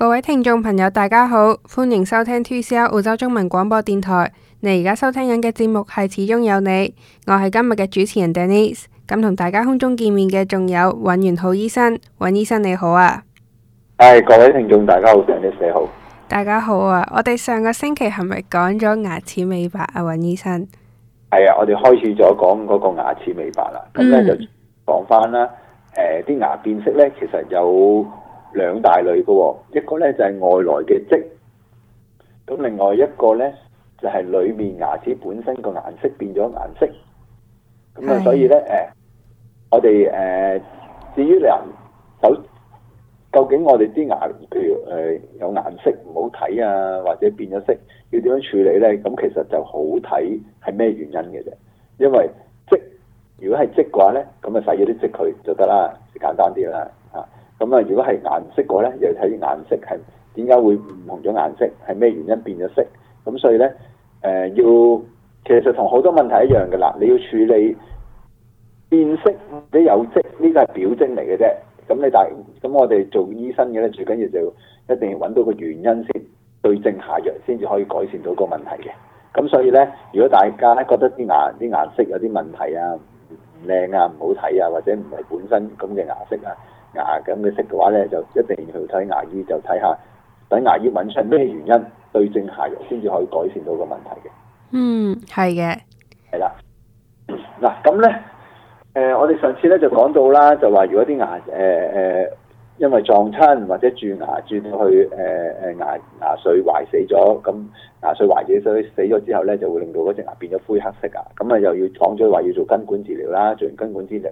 各位聽眾朋友，大家好，歡迎收聽 TCL 澳洲中文廣播電台。你而家收聽緊嘅節目係《齒中有理》，我係今日嘅主持人 Dennis。咁同大家空中見面嘅仲有尹元晧醫生，尹醫生你好啊！係、哎、各位聽眾，大家好，Dennis 你好。大家好啊！我哋上個星期係咪講咗牙齒美白啊？尹醫生係啊，我哋開始咗講嗰個牙齒美白啦。咁咧、嗯、就講返啦，誒、呃，啲牙變色咧，其實有。兩大類嘅喎、哦，一個咧就係、是、外來嘅漬，咁另外一個咧就係、是、裏面牙齒本身個顏色變咗顏色，咁啊的所以咧誒、呃，我哋誒、呃、至於人手究竟我哋啲牙譬如誒有顏色唔好睇啊，或者變咗色，要點樣處理咧？咁其實就好睇係咩原因嘅啫，因為漬如果係漬嘅話咧，咁啊洗咗啲漬佢就得啦，簡單啲啦。咁啊，如果係顏色過咧，又要睇啲顏色係點解會唔同咗顏色，係咩原因變咗色？咁所以咧，誒、呃、要其實同好多問題一樣嘅啦，你要處理變色，你有色呢個係表徵嚟嘅啫。咁你大，咁我哋做醫生嘅咧，最緊要就一定要揾到個原因先對症下藥，先至可以改善到個問題嘅。咁所以咧，如果大家咧覺得啲牙啲顏色有啲問題啊，唔靚啊，唔好睇啊，或者唔係本身咁嘅牙色啊，牙咁嘅色嘅話咧，就一定要去睇牙醫，就睇下等牙醫揾出咩原因，對症下藥先至可以改善到個問題嘅。嗯，係嘅，係啦。嗱，咁咧，誒、呃，我哋上次咧就講到啦，就話如果啲牙誒誒、呃，因為撞親或者蛀牙蛀去誒誒、呃、牙牙髓壞死咗，咁牙髓壞咗，所以死咗之後咧，就會令到嗰隻牙變咗灰黑色啊，咁啊又要講咗話要做根管治療啦，做完根管治療。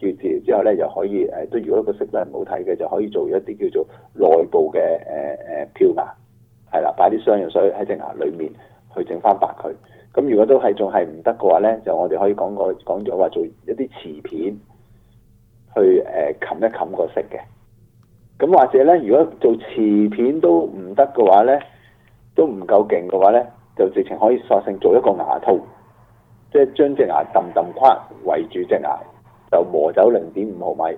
叫治療之後咧，又可以誒，都如果個色都唔好睇嘅，就可以做一啲叫做內部嘅誒誒漂牙，係啦，擺啲雙氧水喺隻牙裏面去整翻白佢。咁如果都係仲係唔得嘅話咧，就我哋可以講個講咗話做一啲瓷片去，去誒冚一冚個色嘅。咁或者咧，如果做瓷片都唔得嘅話咧，都唔夠勁嘅話咧，就直情可以索性做一個牙套，即係將隻牙揼揼框圍住隻牙。就磨走零點五毫米，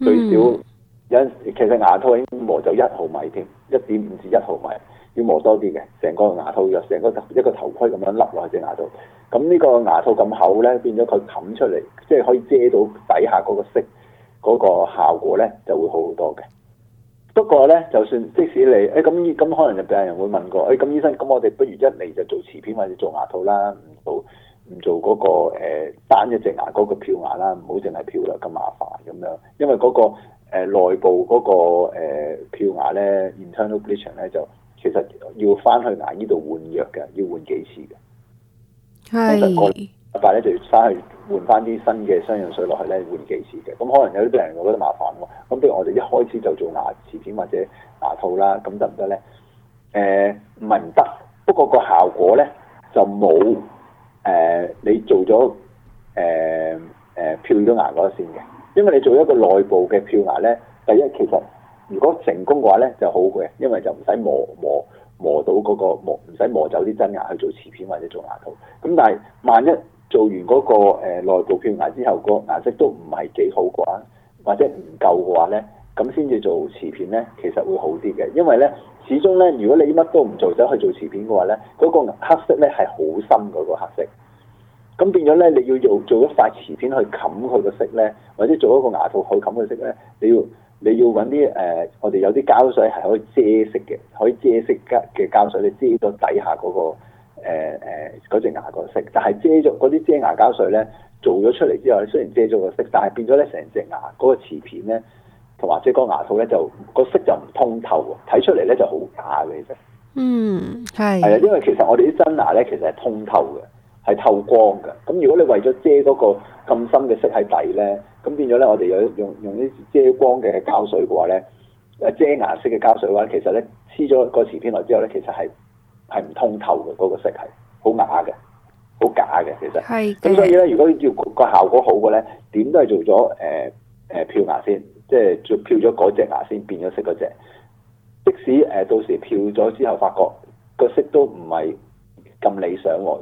最少有陣時，嗯、其實牙套已經磨走一毫米添，一點五至一毫米，要磨多啲嘅，成個牙套又成個一個頭盔咁樣笠落去隻牙度。咁呢個牙套咁厚咧，變咗佢冚出嚟，即係可以遮到底下嗰個色，嗰、嗰個效果咧就會好好多嘅。不過咧，就算即使你，誒、哎、咁，咁可能就病人會問過，誒、哎、咁，醫生咁，我哋不如一嚟就做瓷片或者做牙套啦，唔好。唔做嗰、那個誒單、呃、一隻牙嗰個漂牙啦，唔好淨係漂啦咁麻煩咁樣，因為嗰、那個誒、呃、內部嗰、那個、呃、漂牙咧，internal bleaching 咧就其實要翻去牙醫度換藥嘅，要換幾次嘅。係阿伯咧就要翻去換翻啲新嘅雙氧水落去咧，換幾次嘅。咁、嗯、可能有啲病人我覺得麻煩喎，咁、嗯、不如我哋一開始就做牙瓷片或者牙套啦，咁得唔得咧？誒唔係唔得，不過個效果咧就冇。誒、呃，你做咗誒誒漂牙嗰一先嘅，因為你做一個內部嘅漂牙咧，第一其實如果成功嘅話咧就好嘅，因為就唔使磨磨磨到嗰、嗰個磨唔使磨走啲真牙去做瓷片或者做牙套。咁但係萬一做完嗰、嗰個誒、呃、內部漂牙之後，個顏色都唔係幾好嘅話，或者唔夠嘅話咧。咁先至做瓷片咧，其實會好啲嘅，因為咧，始終咧，如果你乜都唔做，走去做瓷片嘅話咧，嗰個黑色咧係好深嗰個黑色。咁變咗咧，你要用做一塊瓷片去冚佢個色咧，或者做一個牙套去冚佢色咧，你要你要揾啲誒，我哋有啲膠水係可以遮色嘅，可以遮色嘅膠水，你遮到底下嗰個誒誒隻牙個色，但係遮咗嗰啲遮牙膠水咧，做咗出嚟之後，雖然遮咗個色，但係變咗咧成隻牙嗰個瓷片咧。或者個牙套咧，就個色就唔通透喎，睇出嚟咧就好假嘅啫。嗯，係。係啊，因為其實我哋啲真牙咧，其實係通透嘅，係透光嘅。咁如果你為咗遮嗰個咁深嘅色喺底咧，咁變咗咧，我哋用用用啲遮光嘅膠水嘅話咧，誒遮牙色嘅膠水嘅話，其實咧黐咗個瓷片落之後咧，其實係係唔通透嘅，嗰個色係好啞嘅，好假嘅其實。係的。咁所以咧，如果要個效果好嘅咧，點都係做咗誒誒漂牙先。即係就漂咗嗰隻牙先，變咗色嗰隻，即使誒到時漂咗之後，發覺個色都唔係咁理想喎，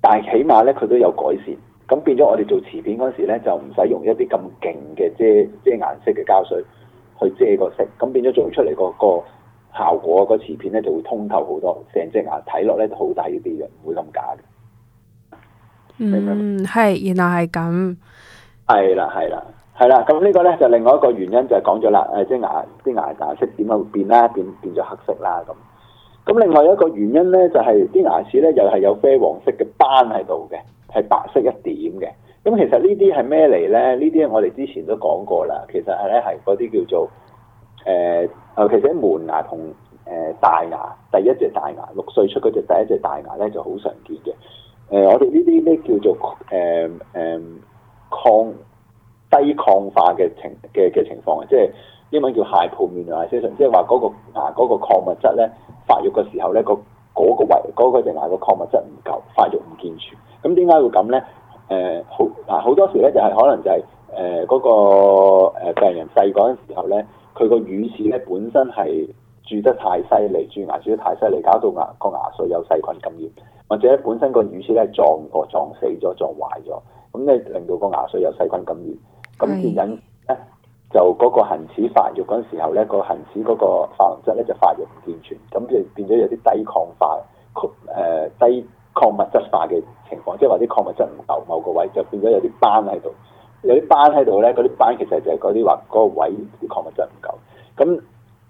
但係起碼咧佢都有改善，咁變咗我哋做瓷片嗰陣時咧，就唔使用，用一啲咁勁嘅遮遮顏色嘅膠水去遮，遮個色，咁變咗做出嚟個效果，個瓷片咧就會通透好多，成隻牙睇落咧都好睇啲嘅，唔會咁假嘅。嗯，係嗎，原來係咁。係啦，係啦。係啦，咁呢個咧就係、另外一個原因就係、係、講咗啦，誒即係牙啲牙牙色點解會變啦，變變咗黑色啦咁。咁另外一個原因咧，就係、係、啲牙齒咧又係有啡黃色嘅斑喺度嘅，係白色一點嘅。咁其實呢啲係咩嚟咧？呢啲我哋之前都講過啦，其實係咧係嗰啲叫做誒、呃呃呃、其實啲門牙同誒、呃、大牙第一隻大牙六歲出嗰隻第一隻大牙咧就好常見嘅。誒、呃、我哋呢啲咧叫做誒誒、呃呃呃、抗。低礦化嘅情嘅嘅情況啊，即係英文叫蟹泡面、就是、個牙齦面礦即係話嗰個嗱嗰個礦物質咧發育嘅時候咧，個嗰個位嗰、嗰個病牙嘅礦物質唔夠，發育唔健全。咁點解會咁咧？誒、呃、好嗱好多時咧就係可能就係誒嗰個病人細嗰陣時候咧，佢個乳齒咧本身係蛀得太犀利，蛀牙蛀得太犀利，搞到牙個牙髓有細菌感染，或者本身個乳齒咧撞破撞死咗撞壞咗，咁咧令到個牙髓有細菌感染。咁變引咧，就嗰個恆齒發育嗰陣時候咧，個恆齒嗰個琺瑯質咧就發育唔健全，咁就變咗有啲低礦化，誒、呃、低礦物質化嘅情況，即係話啲礦物質唔夠某個位，就變咗有啲斑喺度，有啲斑喺度咧，嗰啲斑其實就嗰啲話嗰個位啲礦物質唔夠。咁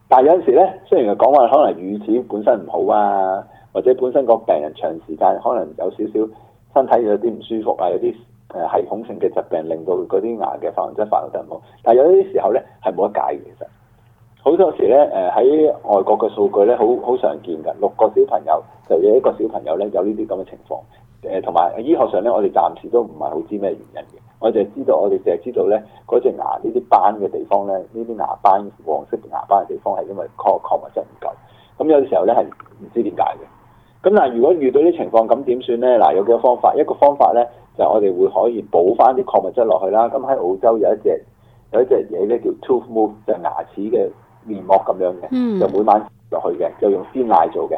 但係有陣時咧，雖然係講話可能乳齒本身唔好啊，或者本身個病人長時間可能有少少身體有啲唔舒服啊，有啲。誒系統性嘅疾病，令到嗰啲牙嘅琺瑯質發育得唔好。但係有啲時候咧係冇得解嘅，其實好多時咧誒喺外國嘅數據咧好好常見㗎，六個小朋友就有一個小朋友咧有呢啲咁嘅情況。誒同埋醫學上咧，我哋暫時都唔係好知咩原因嘅。我哋淨係知道，我哋淨係知道咧嗰隻牙呢啲斑嘅地方咧，呢啲牙斑黃色嘅牙斑嘅地方係因為礦礦物質唔夠。咁有啲時候咧係唔知點解嘅。咁嗱，如果遇到啲情況，咁點算咧？嗱，有幾個方法。一個方法咧。就我哋會可以補翻啲礦物質落去啦，咁喺澳洲有一隻有一隻嘢咧叫 tooth mousse，就係牙齒嘅面膜咁樣嘅，嗯、就每晚落去嘅，就用鮮奶做嘅，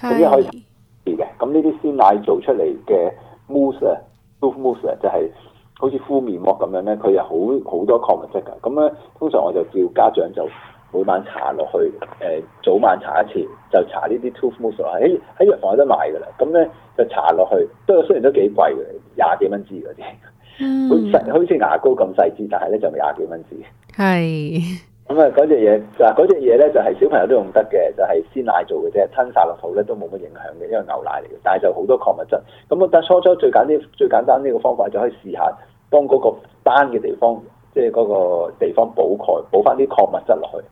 嗰啲是可以試嘅。咁呢啲鮮奶做出嚟嘅 mousse 咧，tooth mousse 咧就係好似敷面膜咁樣咧，佢有好好多礦物質㗎。咁咧通常我就叫家長就。每晚搽落去，誒、呃、早晚搽一次，就搽呢啲 Tooth Mousse 啦、哎，喺喺藥房有得賣㗎啦。咁咧就搽落去，不過雖然都幾貴嘅，廿幾蚊支嗰啲，好細好似牙膏咁細支，但係咧就廿幾蚊支。係是。咁啊嗰隻嘢嗱嗰隻嘢咧就係、是、小朋友都用得嘅，就係、是、鮮奶做嘅啫，吞晒落肚咧都冇乜影響嘅，因為牛奶嚟嘅，但係就好多礦物質。咁我覺得初初最簡單最簡單呢個方法就可以試下，幫嗰個單嘅地方，即係嗰個地方補鈣，補翻啲礦物質落去。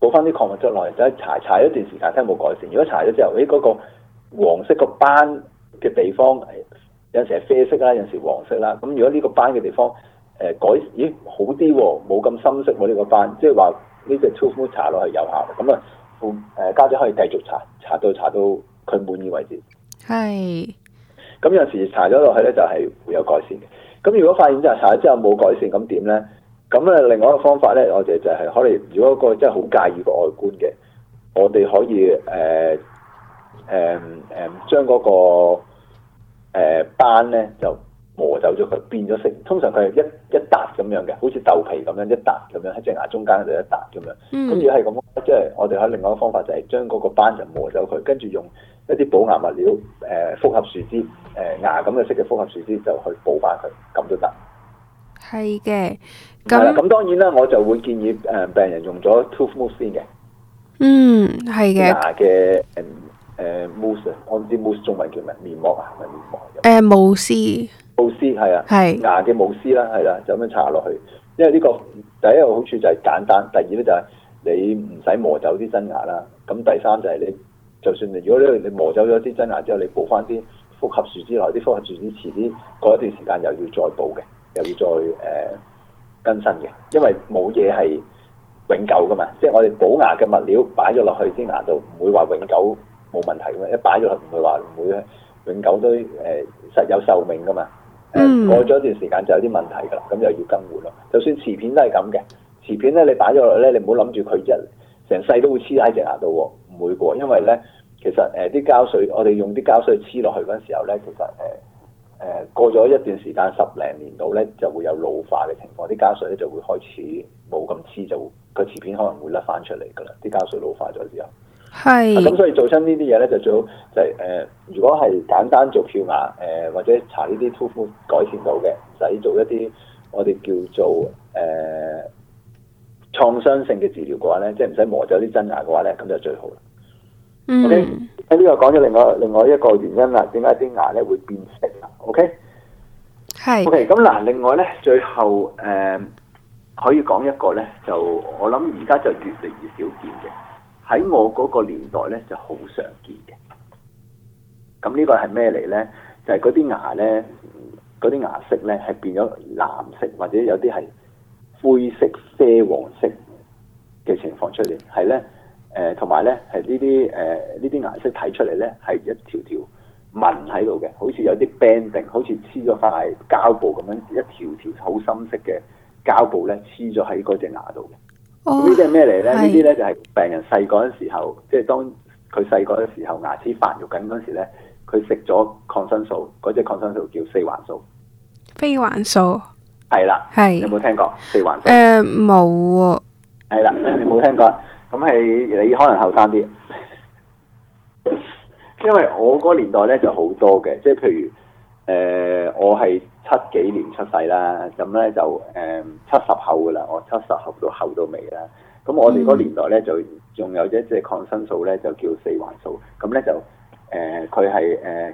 補翻啲礦物質落嚟，就係搽搽一段時間睇下冇改善。如果搽咗之後，咦、那、嗰個黃色個斑嘅地方，有陣時係啡色啦，有陣時黃色啦。咁如果呢個斑嘅地方誒、呃、改咦好啲喎、啊，冇咁深色喎、啊、呢、這個斑，即係話呢隻 toothpaste 搽落去有效。咁啊，誒家姐可以繼續搽，搽到搽到佢滿意為止。係。咁 有陣時搽咗落去咧，就係會有改善嘅。咁如果發現之後搽咗之後冇改善，咁點咧？咁咧，另外一個方法咧，我哋就係、是、可能如果個真係好介意個外觀嘅，我哋可以誒誒誒，將嗰、那個、呃、斑咧就磨走咗佢，變咗色。通常佢係一一笪咁樣嘅，好似豆皮咁樣一笪咁樣喺隻牙中間嗰度一笪咁樣。咁如果係咁，即係、就是、我哋喺另外一個方法就係將嗰個斑就磨走佢，跟住用一啲補牙物料，誒、呃、複合樹脂，誒、呃、牙咁嘅色嘅複合樹脂就去補翻佢，咁都得。係嘅。咁咁當然啦，我就會建議誒病人用咗 tooth mousse 先嘅。嗯，係嘅。牙嘅誒誒 mousse，我唔知 mousse 中文叫咩，面膜啊，係咪面膜？誒，慕斯。慕斯係啊。係。牙嘅慕斯啦，係啦，就咁樣搽落去。因為呢個第一個好處就係簡單，第二咧就係你唔使磨走啲真牙啦。咁第三就係你，就算你如果你你磨走咗啲真牙之後，你補翻啲複合樹脂嚟，啲複合樹脂遲啲過一段時間又要再補嘅，又要再誒。呃更新嘅，因為冇嘢係永久㗎嘛，即係我哋補牙嘅物料擺咗落去先牙度，唔會話永久冇問題嘅嘛，一擺咗落唔會話唔會永久都誒、呃、實有壽命㗎嘛，誒、呃、過咗一段時間就有啲問題㗎啦，咁就要更換咯，就算瓷片都係咁嘅，瓷片咧你擺咗落咧，你唔好諗住佢一成世都會黐喺隻牙度喎，唔會嘅，因為咧其實誒啲、呃、膠水，我哋用啲膠水黐落去嗰陣時候咧，其實誒。呃誒過咗一段時間十零年到咧，就會有老化嘅情況，啲膠水咧就會開始冇咁黐，就個瓷片可能會甩翻出嚟㗎啦。啲膠水老化咗之後，係咁是、啊、所以做親呢啲嘢咧，就最好就係、是、誒、呃，如果係簡單做漂牙誒、呃，或者查呢啲突寬改善到嘅，唔使做一啲我哋叫做誒、呃、創傷性嘅治療嘅話咧，即係唔使磨走啲真牙嘅話咧，咁就最好啦。O K，喺呢個講咗另外另外一個原因啦，點解啲牙咧會變色？O K，係 O K，咁嗱，另外咧最後誒、呃，可以講一個咧，就我諗而家就越嚟越少見嘅，喺我嗰個年代咧就好常見嘅。咁呢個係咩嚟咧？就係嗰啲牙咧，嗰啲牙色咧係變咗藍色，或者有啲係灰色、啡黃色嘅情況出嚟，係咧。誒同埋咧，係呢啲誒呢啲顏色睇出嚟咧，係一條條紋喺度嘅，好似有啲 banding，好似黐咗塊膠布咁樣一條條好深色嘅膠布咧黐咗喺嗰隻牙度嘅。咁、哦、呢啲係咩嚟咧？呢啲咧就係病人細個嗰陣時候，即係當佢細個嗰陣時候牙齒發育緊嗰陣時咧，佢食咗抗生素，嗰隻抗生素叫四環素。非環素。係啦。係。有冇聽過四環素？誒冇喎。係啦，你冇聽過。咁係你可能後生啲，因為我個年代咧就好多嘅，即係譬如誒、呃，我係七幾年出世啦，咁咧就誒七十後噶啦，我七十後到後到尾啦。咁我哋個年代咧就仲有一隻抗生素咧，就叫四環素。咁咧就誒佢係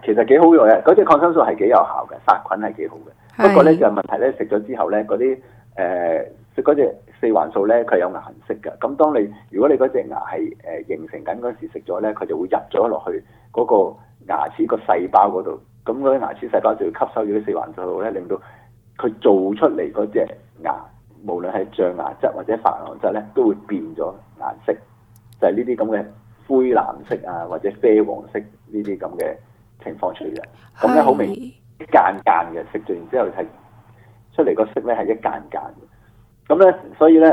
誒其實幾好用嘅，嗰隻抗生素係幾有效嘅，殺菌係幾好嘅。是不過咧就是、問題咧，食咗之後咧嗰啲誒。食嗰隻四環素咧，佢有顏色嘅。咁當你如果你嗰隻牙係誒、呃、形成緊嗰時食咗咧，佢就會入咗落去嗰個牙齒個細胞嗰度。咁嗰啲牙齒細胞就會吸收咗啲四環素咧，令到佢做出嚟嗰隻牙，無論係象牙質或者琺瑯質咧，都會變咗顏色。就係呢啲咁嘅灰藍色啊，或者啡黃色呢啲咁嘅情況出嚟嘅。咁咧的好明顯，一間間嘅食咗然之後係出嚟個色咧係一間間。咁咧，所以咧，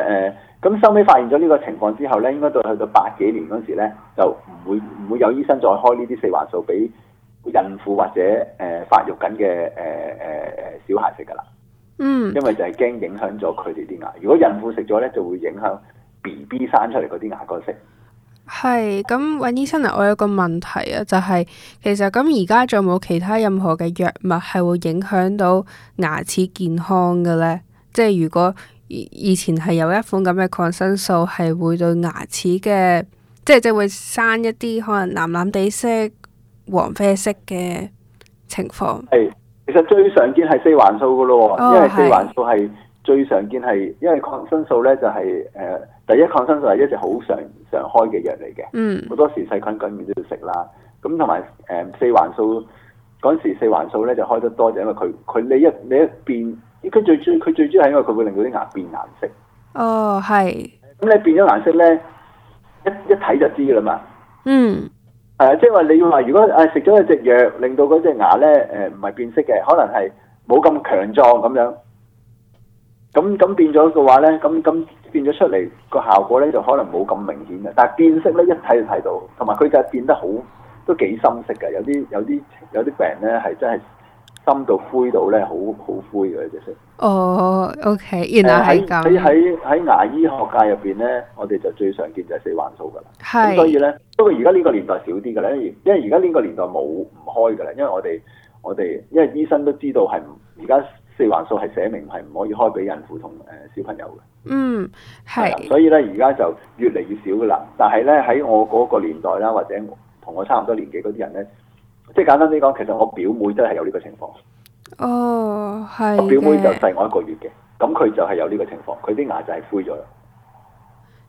誒，咁收尾發現咗呢個情況之後咧，應該到去到百幾年嗰時咧，就唔會唔會有醫生再開呢啲四環素俾孕婦或者誒發育緊嘅誒誒小孩食噶啦。嗯，因為就係驚影響咗佢哋啲牙。如果孕婦食咗咧，就會影響 B B 生出嚟嗰啲牙個色。係，咁，尹醫生啊，我有個問題啊，就係、是、其實咁而家仲冇其他任何嘅藥物係會影響到牙齒健康嘅咧？即係如果。以前係有一款咁嘅抗生素係會對牙齒嘅，即係即係會生一啲可能藍藍地色、黃啡色嘅情況。係，其實最常見係四環素噶咯，因為四環素係最常見係，因為抗生素咧就係、是、誒、呃、第一抗生素係一直好常常開嘅藥嚟嘅。嗯，好多時細菌感染都要食啦。咁同埋誒四環素嗰陣時，四環素咧就開得多，就因為佢佢你，你一你一變。佢最主要佢最主要係因為佢會令到啲牙變顏色。哦，係。咁你變咗顏色咧，一一睇就知㗎啦嘛。嗯。誒、啊，即係話你要話如果誒食咗一隻藥，令到嗰隻牙咧誒唔係變色嘅，可能係冇咁強壯咁樣。咁咁變咗嘅話咧，咁咁變咗出嚟個效果咧就可能冇咁明顯嘅，但係變色咧一睇就睇到，同埋佢就係變得好都幾深色㗎，有啲有啲有啲病咧係真係。深度灰到咧，好好灰嘅，你哋識？哦，OK，原來係喺喺喺牙醫學界入邊咧，我哋就最常見就係四環素㗎啦。係是。咁所以咧，不過而家呢個年代少啲㗎啦，因為而家呢個年代冇唔開㗎啦，因為我哋我哋，因為醫生都知道係唔而家四環素係寫明係唔可以開俾孕婦同誒小朋友嘅。嗯，係。所以咧，而家就越嚟越少㗎啦。但係咧，喺我嗰個年代啦，或者同我差唔多年紀嗰啲人咧。即係簡單啲講，其實我表妹都係有呢個情況。哦，係。我表妹就細我一個月嘅，咁佢就係有呢個情況，佢啲牙就係灰咗啦。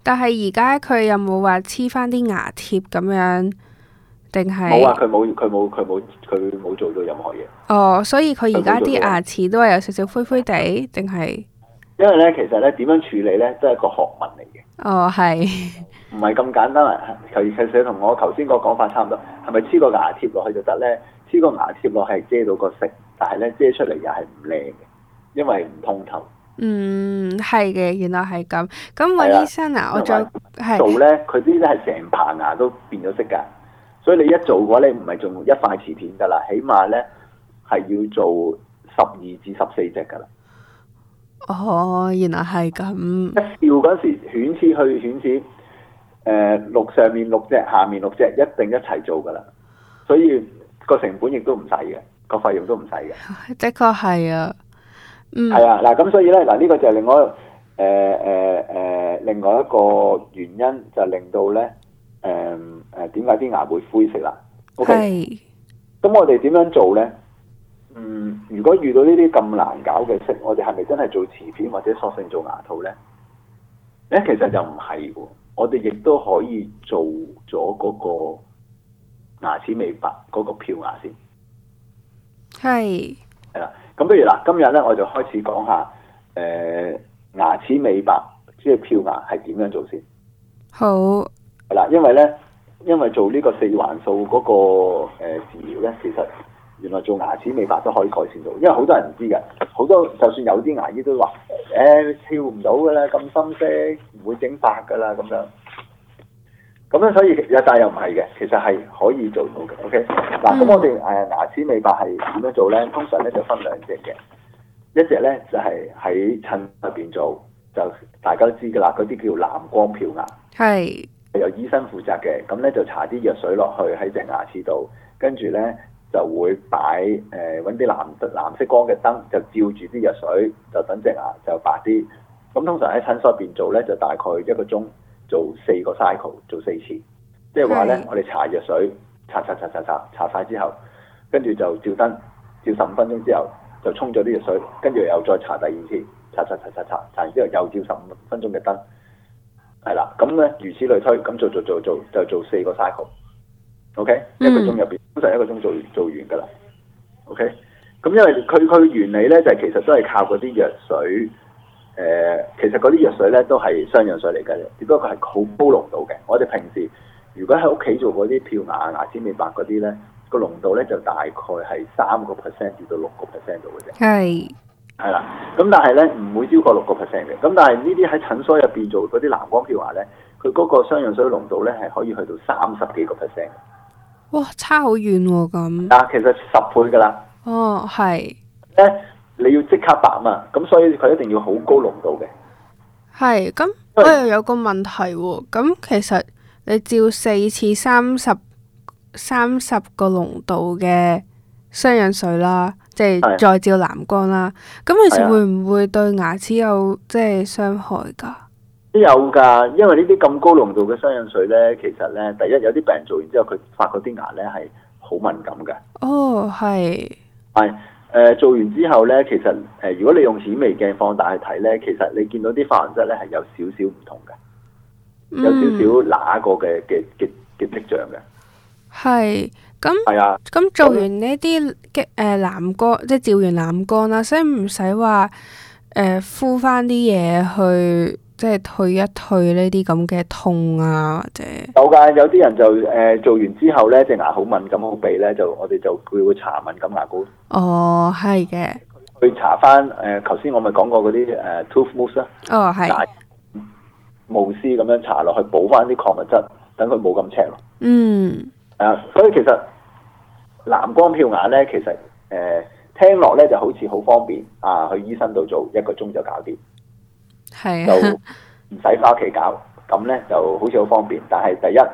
但係而家佢有冇話黐翻啲牙貼咁樣？定係冇啊！佢冇，佢冇，佢冇，佢冇做咗任何嘢。哦，所以佢而家啲牙齒都係有少少灰灰地，定係？因為咧，其實咧點樣處理咧，都係個學問嚟嘅。哦係、oh，唔係咁簡單啊！求其其實同我頭先個講法差唔多，係咪黐個牙貼落去就得咧？黐個牙貼落係遮到個色，但係咧遮出嚟又係唔靚嘅，因為唔通透。嗯，係嘅，原來係咁。咁，尹醫生啊，我再做咧，佢啲咧係成排牙都變咗色㗎，所以你一做嘅話咧，唔係做一塊瓷片㗎啦，起碼咧係要做十二至十四隻㗎啦。哦，原來係咁！一叫嗰時，犬齒去犬齒，誒、呃，六上面六隻，下面六隻，一定一齊做噶啦，所以個成本亦都唔使嘅，個費用都唔使嘅。的確係啊，係、嗯、啊，嗱咁所以咧，嗱呢、這個就係另外，誒誒誒，另外一個原因就令到咧，誒、呃、誒，點解啲牙會灰色啦？OK，咁我哋點樣做咧？嗯，如果遇到呢啲咁難搞嘅色，我哋係咪真係做瓷片或者索性做牙套呢？誒，其實就唔係嘅，我哋亦都可以做咗嗰個牙齒美白嗰、嗰個漂牙先。係係是啦，咁不如啦，今日呢，我就開始講下誒、呃、牙齒美白即係、就是、漂牙係點樣做先。好，係啦，因為呢，因為做呢個四環素嗰個誒、呃、治療呢，其實。原來做牙齒美白都可以改善到，因為好多人唔知嘅，好多就算有啲牙醫都話，誒、哎、跳唔到嘅啦，咁深色唔會整白嘅啦，咁樣。咁咧，所以又但又唔係嘅，其實係可以做到嘅。OK，嗱，咁我哋誒牙齒美白係點樣做咧？通常咧就分兩隻嘅，一隻咧就係喺診所入邊做，就大家都知嘅啦，嗰啲叫藍光漂牙，係由是醫生負責嘅。咁咧就搽啲藥水落去喺隻牙齒度，跟住咧。就會擺誒揾啲藍藍色光嘅燈，就照住啲藥水，就等隻牙就白啲。咁通常喺診所入邊做呢、嗯，就大概一個鐘做四個 cycle，做四次。即係話呢，我哋搽藥水，擦擦擦擦擦，擦晒之後，跟住就照燈，照十五分鐘之後，就沖咗啲藥水，跟住又再搽第二次，擦擦擦擦擦，之後又照十五分鐘嘅燈。係啦，咁呢，如此類推，咁做做做做就做四個 cycle。OK，、mm. 一個鐘入邊，通常一個鐘做完做完㗎啦。OK，咁、嗯、因為佢佢原理咧，就係、是、其實都係靠嗰啲藥水。誒、呃，其實嗰啲藥水咧都係雙氧水嚟㗎，只不過係好高濃度嘅。我哋平時如果喺屋企做嗰啲漂牙、牙齒美白嗰啲咧，個濃度咧就大概係三個 percent 至到六個 percent 度嘅啫。係，係啦是。咁但係咧唔會超過六個 percent 嘅。咁但係呢啲喺診所入邊做嗰啲藍光漂牙咧，佢嗰個雙氧水濃度咧係可以去到三十幾個 percent。哇，差好遠喎！咁，但其實十倍噶啦。哦，係。咧，你要即刻白嘛？咁所以佢一定要好高濃度嘅。係，咁我是又有個問題喎，啊。咁其實你照四次三十三十個濃度嘅雙氧水啦，即係再照藍光啦。咁其實會唔會對牙齒有即係傷害噶？都有噶，因為呢啲咁高濃度嘅雙氧水咧，其實咧，第一有啲病人做完之後，佢發覺啲牙咧係好敏感嘅。哦，係係誒，做完之後咧，其實誒、呃，如果你用顯微鏡放大去睇咧，其實你見到啲琺瑯質咧係有少少唔同嘅，嗯、有少少乸過嘅嘅嘅嘅跡象嘅。係咁係啊，咁做完呢啲嘅誒，藍光即係照完藍光啦，所以唔使話誒敷翻啲嘢去？即係退一退呢啲咁嘅痛啊，或者有噶，有啲人就誒、呃、做完之後咧，隻牙好敏感好鼻咧，就我哋就會會查敏感牙膏。哦，係嘅。去查翻誒，頭、呃、先我咪講過嗰啲誒 toothmousse 啦。呃、to moves, 哦，係。慕斯咁樣查落去補翻啲礦物質，等佢冇咁赤咯。嗯。啊，所以其實藍光漂牙咧，其實誒、呃、聽落咧就好似好方便啊，去醫生度做一個鐘就搞掂。係是、啊、就唔使翻屋企搞，咁咧就好似好方便。但係第一，誒、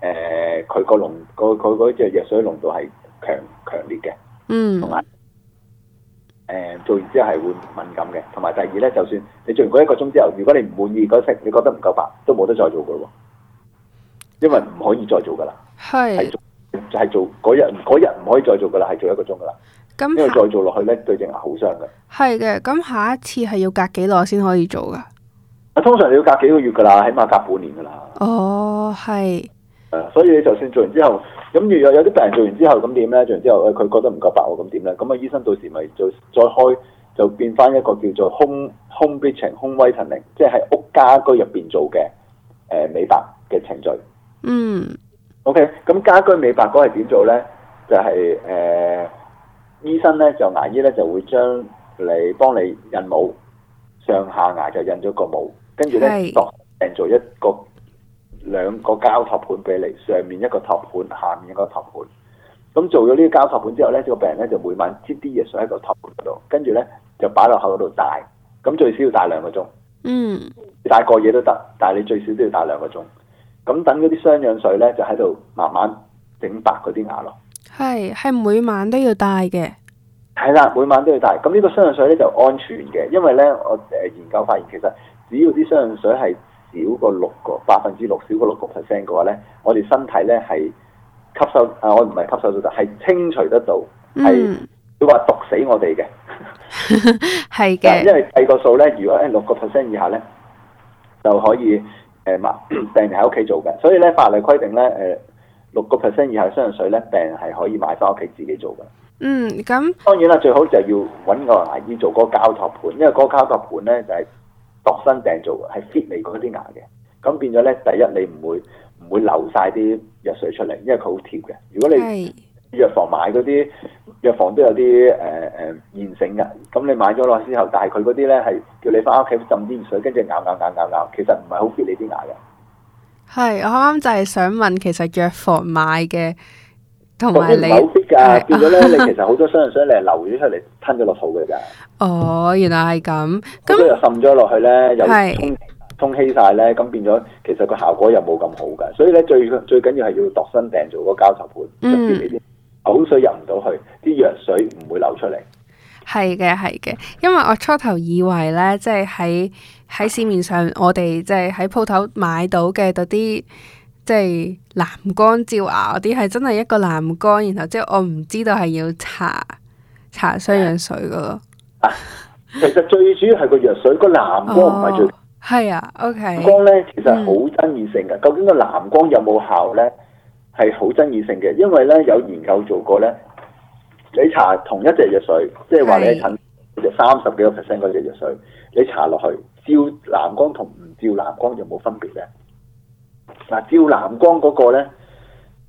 呃，佢個濃個佢隻藥水濃度係強強烈嘅，嗯，同埋誒，做完之後係會敏感嘅，同埋第二咧，就算你做完嗰一個鐘之後，如果你唔滿意嗰色，你覺得唔夠白，都冇得再做噶咯，因為唔可以再做噶啦，係係是 做嗰日日唔可以再做噶啦，係做一個鐘噶啦。因為再做落去咧，對隻牙好傷噶。係嘅，咁下一次係要隔幾耐先可以做噶？啊，通常你要隔幾個月噶啦，起碼隔半年噶啦。哦，係。誒、啊，所以你就算做完之後，咁如果有啲病人做完之後咁點咧？做完之後佢、哎、覺得唔夠白喎，咁點咧？咁啊，醫生到時咪就再開，就變翻一個叫做 home home bleaching、home whitening，即係喺屋家居入邊做嘅誒、呃、美白嘅程序。嗯。O K，咁家居美白嗰係點做咧？就係、是、誒。呃醫生咧就牙醫咧就會將你幫你印模，上下牙就印咗個模，跟住咧度訂做一個兩個膠托盤俾你，上面一個托盤，下面一個托盤。咁、嗯、做咗呢個膠托盤之後咧，呢個病人咧就每晚擠啲嘢水喺個托盤度，跟住咧就擺落口度戴。咁最少要戴兩個鐘。嗯。戴過夜都得，但係你最少都要戴兩個鐘。咁等嗰啲雙氧水咧就喺度慢慢整白嗰啲牙咯。係，係每晚都要戴嘅。係啦，每晚都要戴。咁呢個雙氧水咧就安全嘅，因為咧我誒研究發現，其實只要啲雙氧水係少過六個百分之六，少過六個 percent 嘅話咧，我哋身體咧係吸收啊，我唔係吸收到，係清除得到，係佢會話毒死我哋嘅。係 嘅 的，因為計個數咧，如果喺六個 percent 以下咧，就可以誒嘛，畀病人喺屋企做嘅。所以咧法例規定咧，誒、呃。六個 percent 以下嘅藥水咧，病人係可以買翻屋企自己做㗎。嗯，咁當然啦，最好就係要揾個牙醫做嗰個膠托盤，因為嗰個膠托盤咧就係、是、度身訂造，係 fit 你嗰啲牙嘅。咁變咗咧，第一你唔會唔會流曬啲藥水出嚟，因為佢好貼嘅。如果你是藥房買嗰啲，藥房都有啲誒誒現成㗎。咁你買咗落之後，但係佢嗰啲咧係叫你翻屋企浸啲水，跟住咬咬咬咬咬咬咬，其實唔係好 fit 你啲牙嘅。係，我啱啱就係想問，其實藥房買嘅同埋你，係啊，是變咗咧，你 其實好多雙人水，你係流咗出嚟，吞咗落肚嘅噶。哦，原來係咁，咁又滲咗落去咧，又通通氣晒咧，咁是變咗其實個效果又冇咁好噶。所以咧，最最緊要係要度身訂做個膠頭盤，啲、嗯。就口水入唔到去，啲藥水唔會流出嚟。係嘅，係嘅。因為我初頭以為咧，即係喺喺市面上，我哋即係喺鋪頭買到嘅嗰啲，即係藍光照牙嗰啲，係真係一個藍光，然後即係我唔知道係要搽搽雙氧水噶咯。啊，其實最主要係個藥水，個藍光唔係最係。哦，係啊？OK，藍光咧其實好爭議性嘅。嗯。究竟個藍光有冇效咧？係好爭議性嘅，因為咧有研究做過咧。你查同一隻藥水，即係話你一診嗰隻三十幾個 percent 嗰隻藥水，的你查落去照藍光同唔照藍光有冇分別咧？嗱，照藍光嗰個咧，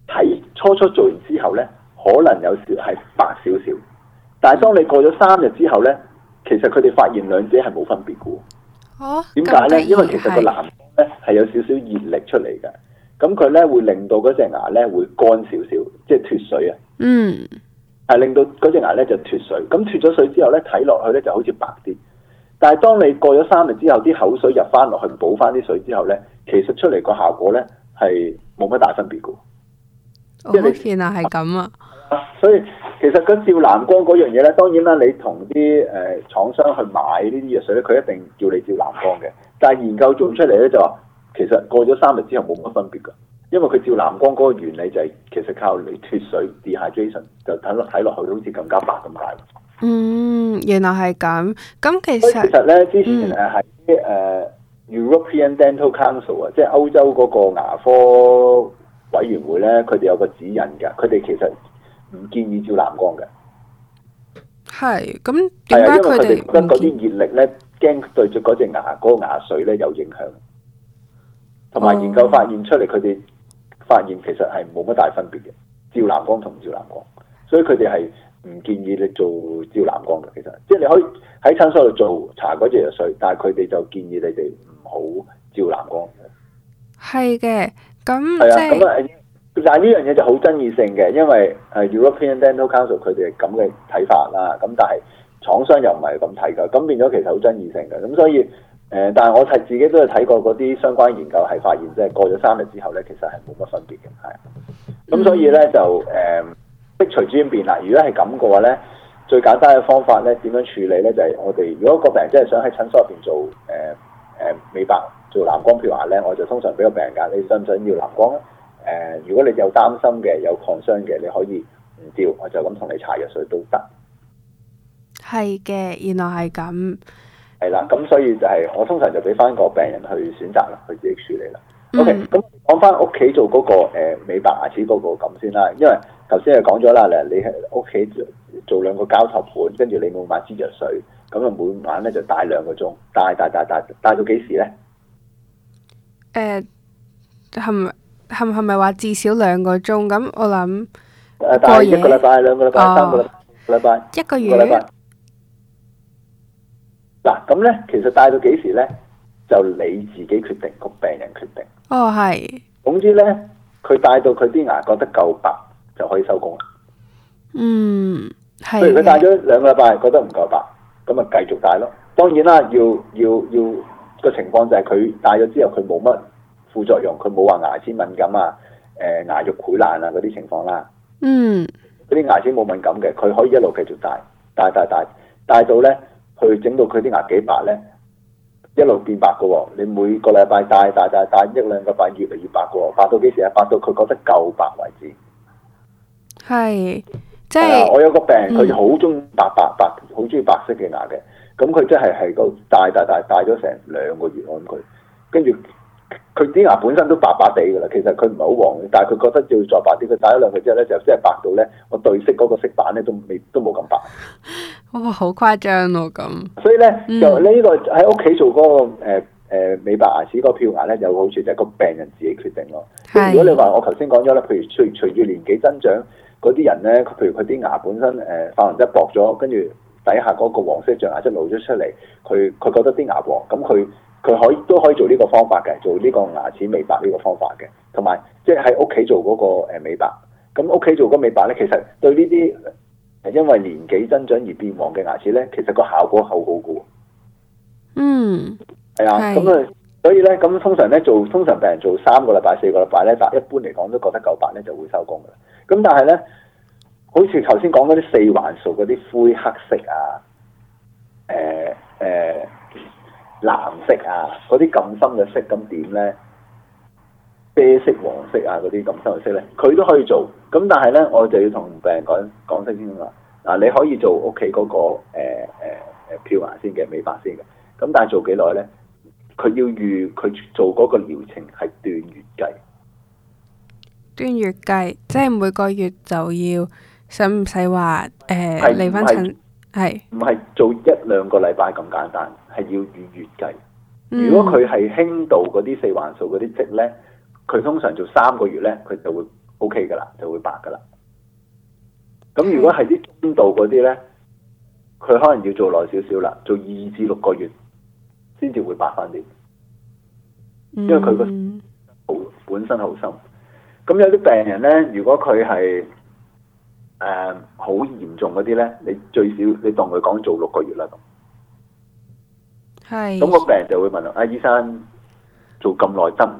睇初初做完之後咧，可能有時係白少少，但係當你過咗三日之後咧，其實佢哋發現兩者係冇分別嘅。嚇、哦，點解咧？因為其實個藍咧係有少少熱力出嚟嘅，咁佢咧會令到嗰隻牙咧會乾少少，即係脫水啊。嗯。係令到嗰隻牙咧就脫水，咁脫咗水之後咧，睇落去咧就好似白啲，但係當你過咗三日之後，啲口水入翻落去補翻啲水之後咧，其實出嚟個效果咧係冇乜大分別噶。我見啊，係咁啊。所以其實嗰照藍光嗰樣嘢咧，當然啦，你同啲誒廠商去買藥呢啲藥水咧，佢一定叫你照藍光嘅。但係研究做出嚟咧就話，其實過咗三日之後冇乜分別噶。因為佢照藍光嗰個原理就係，其實靠嚟脫水，dehydration 就睇落睇落去好似更加白咁大。嗯，原來係咁。咁其實，其實咧之前誒喺誒 European Dental Council 啊，即係歐洲嗰個牙科委員會咧，佢哋有個指引㗎，佢哋其實唔建議照藍光嘅。係，咁點解佢哋，係啊，因為覺得嗰啲熱力咧，驚、嗯、對住嗰隻牙、嗰個、牙髓咧有影響？同埋研究發現出嚟、嗯，佢哋。發現其實係冇乜大分別嘅，照藍光同唔照藍光，所以佢哋係唔建議你做照藍光嘅。其實，即係你可以喺診所度做搽嗰隻藥水，但係佢哋就建議你哋唔好照藍光。係嘅，咁係啊，咁啊，但係呢樣嘢就好爭議性嘅，因為係 European Dental Council 佢哋咁嘅睇法啦。咁但係廠商又唔係咁睇㗎，咁變咗其實好爭議性嘅。咁所以。誒，但係我係自己都有睇過嗰啲相關研究，係發現即係、就是、過咗三日之後咧，其實係冇乜分別嘅，係。咁、嗯、所以咧就誒，即、呃，隨之變啦。如果係咁嘅話咧，最簡單嘅方法咧，點樣處理咧，就係、是、我哋如果個病人真係想喺診所入邊做誒誒美白做藍光譬如話咧，我就通常俾個病人揀，你想唔想要藍光誒、呃，如果你有擔心嘅，有創傷嘅，你可以唔掉，我就咁同你搽藥水都得。係嘅，原來係咁。係啦，咁所以就係我通常就俾翻個病人去選擇啦，去自己處理啦。嗯、OK，咁講翻屋企做嗰、那個誒、呃、美白牙齒嗰個咁先啦。因為頭先係講咗啦，你喺屋企做做兩個膠托盤，跟住你每晚支藥水，咁啊每晚咧就戴兩個鐘，戴戴戴戴戴到幾時咧？誒、呃，係咪係係咪話至少兩個鐘？咁我諗一個禮、哦、一個禮拜、兩個禮拜、三個禮拜、一個禮拜。嗱咁咧，其實戴到幾時咧，就你自己決定，個病人決定。哦，係。總之咧，佢戴到佢啲牙覺得夠白，就可以收工啦。嗯，係。譬如佢戴咗兩個禮拜，覺得唔夠白，咁啊繼續戴咯。當然啦，要要要個情況就係佢戴咗之後，佢冇乜副作用，佢冇話牙齒敏感啊，誒、呃、牙肉潰爛啊嗰啲情況啦。嗯。嗰啲牙齒冇敏感嘅，佢可以一路繼續戴，戴戴戴，戴到咧。佢整到佢啲牙幾白咧，一路變白嘅喎、哦。你每個禮拜戴戴戴戴，一兩個禮拜越嚟越白嘅喎、哦，白到幾時啊？白到佢覺得夠白為止。係，即、就、係、是啊、我有個病人，佢好中意白白白，好中意白色嘅牙嘅。咁佢真係喺度戴戴戴戴咗成兩個月，我諗佢跟住。佢啲牙本身都白白哋噶啦，其實佢唔係好黃嘅，但係佢覺得要再白啲，佢打咗兩次之後咧，就即係白到咧，我對色嗰個色板咧都未都冇咁白。哇、哦，好誇張咯咁。所以咧，就呢、嗯這個喺屋企做嗰、那個誒、呃呃、美白牙齒嗰個漂牙咧，有個好處就係個病人自己決定咯。係是。如果你話我頭先講咗啦，譬如隨隨住年紀增長，嗰啲人咧，譬如佢啲牙本身誒琺瑯質薄咗，跟住底下嗰個黃色象牙質露咗出嚟，佢佢覺得啲牙黃，咁佢。佢可以都可以做呢個方法嘅，做呢個牙齒美白呢個方法嘅，同埋即係喺屋企做嗰個誒美白。咁屋企做嗰美白咧，其實對呢啲係因為年紀增長而變黃嘅牙齒咧，其實個效果好好嘅。嗯，係啊的，咁啊的，所以咧，咁通常咧做通常病人做三個禮拜、四個禮拜咧，但一般嚟講都覺得夠白咧，就會收工嘅啦。咁但係咧，好似頭先講嗰啲四環素嗰啲灰黑色啊，誒、呃、誒。呃藍色啊，嗰啲咁深嘅色，咁點呢？啡色、黃色啊，嗰啲咁深嘅色呢，佢都可以做。咁但係呢，我就要同病人講講聲先啦。嗱、啊，你可以做屋企嗰個誒誒漂牙先嘅美白先嘅。咁但係做幾耐呢？佢要預佢做嗰個療程係段月計。段月計，即係每個月就要，使唔使話誒嚟返診？呃是係唔係做一兩個禮拜咁簡單？係要以月計。嗯、如果佢係輕度嗰啲四環素嗰啲漬咧，佢通常做三個月咧，佢就會 O K 噶啦，就會白噶啦。咁如果係啲中度嗰啲咧，佢可能要做耐少少啦，做二至六個月先至會白翻啲。因為佢個好本身好深。咁有啲病人咧，如果佢係。誒好、um, 嚴重嗰啲咧，你最少你當佢講做六個月啦咁。係是。咁個病人就會問我，阿、啊、醫生做，做咁耐得唔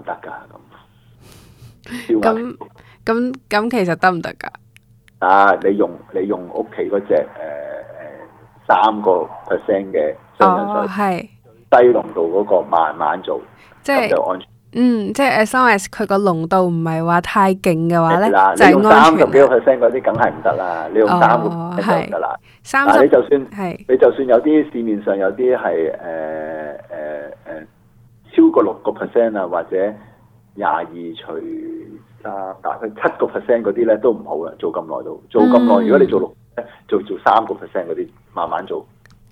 得㗎？咁，咁咁咁其實得唔得㗎？啊！你用你用屋企嗰隻誒誒三個 percent 嘅雙氧水，低濃度嗰、那個慢慢做，咁、就是、就安全。嗯，即係 as long as 佢個濃度唔係話太勁嘅話咧，就安全。三十幾個 percent 嗰啲梗係唔得啦，你用三都唔得啦。三，你就算的你就算有啲市面上有啲係誒誒誒超過六個 percent 啊，或者廿二除三，大概七個 percent 嗰啲咧都唔好啊！做咁耐都做咁耐，嗯、如果你做六，做做三個 percent 嗰啲，慢慢做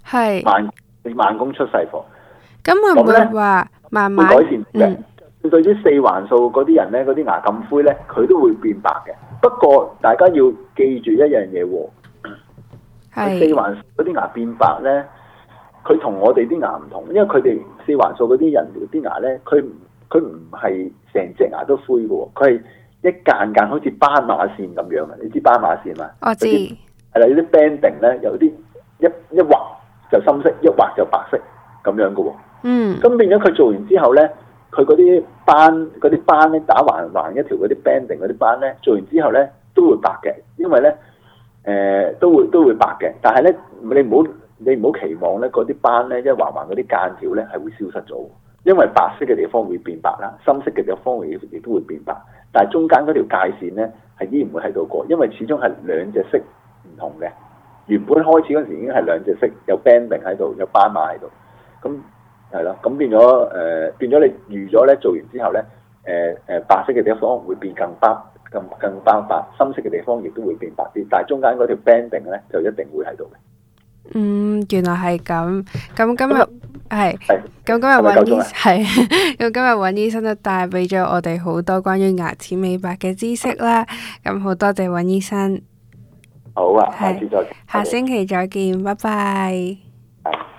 係是慢，你慢工出細貨。咁這樣 會唔會話慢慢改善嗯？對於四環素嗰啲人咧，嗰啲牙咁灰咧，佢都會變白嘅。不過大家要記住一樣嘢、哦，係是四環素嗰啲牙變白咧，佢同我哋啲牙唔同，因為佢哋四環素嗰啲人啲牙咧，佢佢唔係成隻牙都灰嘅、哦，佢係一間間好似斑馬線咁樣嘅。你知斑馬線嘛？我知係啦，有啲 banding 咧，有啲一一劃就深色，一劃就白色咁樣嘅、哦。嗯，咁變咗佢做完之後咧。佢嗰啲斑嗰啲斑咧，打橫橫一條嗰啲 banding 嗰啲斑咧，做完之後咧都會白嘅，因為咧誒、呃、都會都會白嘅。但係咧你唔好你唔好期望咧嗰啲斑咧一橫橫嗰啲間條咧係會消失咗，因為白色嘅地方會變白啦，深色嘅地方亦都會變白。但係中間嗰條界線咧係依然會喺度過，因為始終係兩隻色唔同嘅。原本開始嗰陣時已經係兩隻色，有 banding 喺度，有斑馬喺度，咁。係咯，咁變咗誒、呃，變咗你預咗咧，做完之後咧，誒、呃、誒、呃，白色嘅地方可能會變更白，更更白白，深色嘅地方亦都會變白啲，但係中間嗰條 banding 咧就一定會喺度嘅。嗯，原來係咁，咁今日係係，咁今日尹醫生係，咁今日尹醫生都帶俾咗我哋好多關於牙齒美白嘅知識啦，咁好多謝尹醫生。好啊，下次再見。的下星期再見，拜拜的。Bye bye